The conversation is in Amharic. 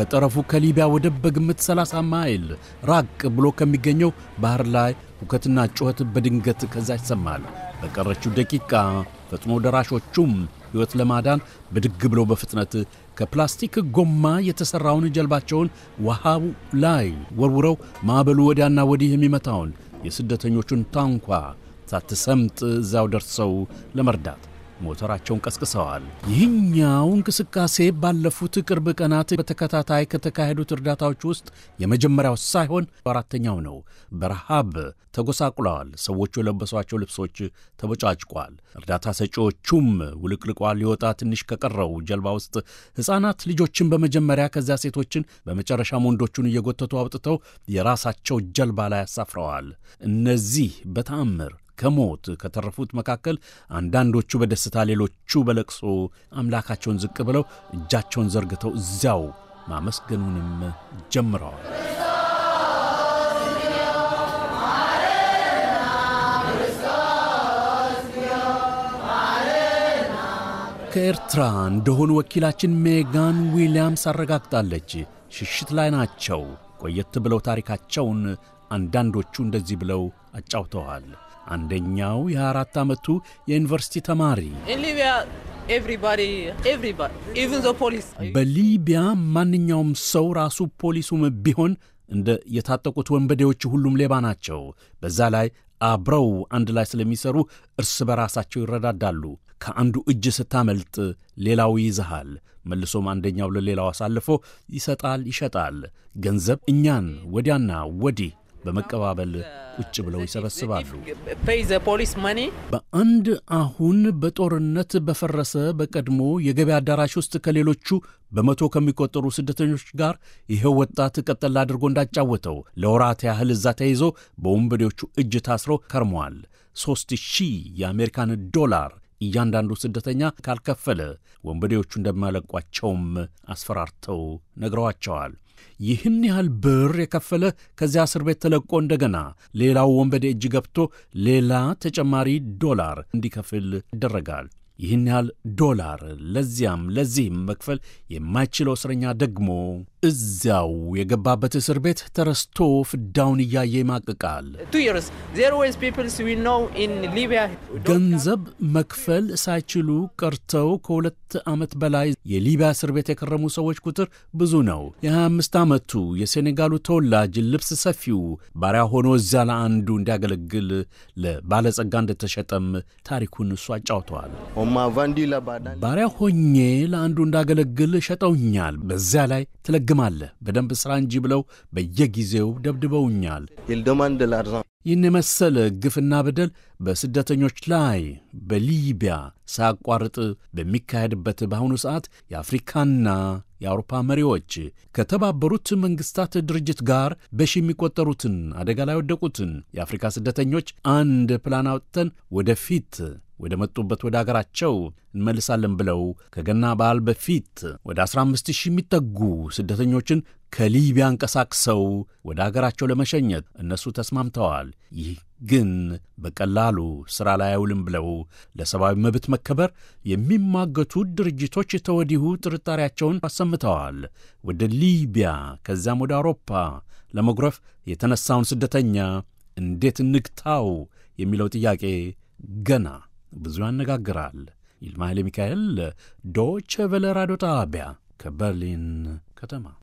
ከጠረፉ ከሊቢያ ወደብ በግምት 30 ማይል ራቅ ብሎ ከሚገኘው ባህር ላይ ሁከትና ጩኸት በድንገት ከዛ ይሰማል። በቀረችው ደቂቃ ፈጥኖ ደራሾቹም ሕይወት ለማዳን ብድግ ብለው በፍጥነት ከፕላስቲክ ጎማ የተሠራውን ጀልባቸውን ውሃው ላይ ወርውረው ማዕበሉ ወዲያና ወዲህ የሚመታውን የስደተኞቹን ታንኳ ሳትሰምጥ እዛው ደርሰው ለመርዳት ሞተራቸውን ቀስቅሰዋል። ይህኛው እንቅስቃሴ ባለፉት ቅርብ ቀናት በተከታታይ ከተካሄዱት እርዳታዎች ውስጥ የመጀመሪያው ሳይሆን አራተኛው ነው። በረሃብ ተጎሳቁለዋል። ሰዎቹ የለበሷቸው ልብሶች ተበጫጭቋል። እርዳታ ሰጪዎቹም ውልቅልቋ ሊወጣ ትንሽ ከቀረው ጀልባ ውስጥ ሕፃናት ልጆችን በመጀመሪያ ከዚያ ሴቶችን በመጨረሻም ወንዶቹን እየጎተቱ አውጥተው የራሳቸው ጀልባ ላይ አሳፍረዋል። እነዚህ በተአምር ከሞት ከተረፉት መካከል አንዳንዶቹ በደስታ ሌሎቹ በለቅሶ አምላካቸውን ዝቅ ብለው እጃቸውን ዘርግተው እዚያው ማመስገኑንም ጀምረዋል። ከኤርትራ እንደሆኑ ወኪላችን ሜጋን ዊልያምስ አረጋግጣለች። ሽሽት ላይ ናቸው። ቆየት ብለው ታሪካቸውን አንዳንዶቹ እንደዚህ ብለው አጫውተዋል። አንደኛው የአራት ዓመቱ የዩኒቨርሲቲ ተማሪ በሊቢያ ማንኛውም ሰው ራሱ ፖሊሱም ቢሆን እንደ የታጠቁት ወንበዴዎች ሁሉም ሌባ ናቸው። በዛ ላይ አብረው አንድ ላይ ስለሚሰሩ እርስ በራሳቸው ይረዳዳሉ። ከአንዱ እጅ ስታመልጥ ሌላው ይዝሃል። መልሶም አንደኛው ለሌላው አሳልፎ ይሰጣል፣ ይሸጣል። ገንዘብ እኛን ወዲያና ወዲህ በመቀባበል ቁጭ ብለው ይሰበስባሉ። በአንድ አሁን በጦርነት በፈረሰ በቀድሞ የገበያ አዳራሽ ውስጥ ከሌሎቹ በመቶ ከሚቆጠሩ ስደተኞች ጋር ይኸው ወጣት ቀጠላ አድርጎ እንዳጫወተው ለወራት ያህል እዛ ተይዞ በወንበዴዎቹ እጅ ታስሮ ከርመዋል። ሦስት ሺህ የአሜሪካን ዶላር እያንዳንዱ ስደተኛ ካልከፈለ ወንበዴዎቹ እንደማለቋቸውም አስፈራርተው ነግረዋቸዋል። ይህን ያህል ብር የከፈለ ከዚያ እስር ቤት ተለቆ እንደገና ሌላው ወንበዴ እጅ ገብቶ ሌላ ተጨማሪ ዶላር እንዲከፍል ይደረጋል። ይህን ያህል ዶላር ለዚያም ለዚህም መክፈል የማይችለው እስረኛ ደግሞ እዚያው የገባበት እስር ቤት ተረስቶ ፍዳውን እያየ ይማቅቃል። ገንዘብ መክፈል ሳይችሉ ቀርተው ከሁለት ዓመት በላይ የሊቢያ እስር ቤት የከረሙ ሰዎች ቁጥር ብዙ ነው። የ25 ዓመቱ የሴኔጋሉ ተወላጅ ልብስ ሰፊው ባሪያ ሆኖ እዚያ ለአንዱ እንዲያገለግል ለባለጸጋ እንደተሸጠም ታሪኩን እሱ አጫውተዋል። ባሪያ ሆኜ ለአንዱ እንዳገለግል ሸጠውኛል። በዚያ ላይ ህግም በደንብ ሥራ እንጂ ብለው በየጊዜው ደብድበውኛል። ይህን የመሰለ ግፍና በደል በስደተኞች ላይ በሊቢያ ሳያቋርጥ በሚካሄድበት በአሁኑ ሰዓት የአፍሪካና የአውሮፓ መሪዎች ከተባበሩት መንግስታት ድርጅት ጋር በሺ የሚቆጠሩትን አደጋ ላይ ወደቁትን የአፍሪካ ስደተኞች አንድ ፕላን አውጥተን ወደፊት ወደ መጡበት ወደ አገራቸው እንመልሳለን ብለው ከገና በዓል በፊት ወደ 15 ሺህ የሚጠጉ ስደተኞችን ከሊቢያ አንቀሳቅሰው ወደ አገራቸው ለመሸኘት እነሱ ተስማምተዋል። ይህ ግን በቀላሉ ሥራ ላይ አይውልም ብለው ለሰብአዊ መብት መከበር የሚማገቱ ድርጅቶች ተወዲሁ ጥርጣሬያቸውን አሰምተዋል። ወደ ሊቢያ ከዚያም ወደ አውሮፓ ለመጉረፍ የተነሳውን ስደተኛ እንዴት እንግታው የሚለው ጥያቄ ገና ብዙ ያነጋግራል። ይልማ ኃይለ ሚካኤል ዶቼ ቬለ ራዲዮ ጣቢያ ከበርሊን ከተማ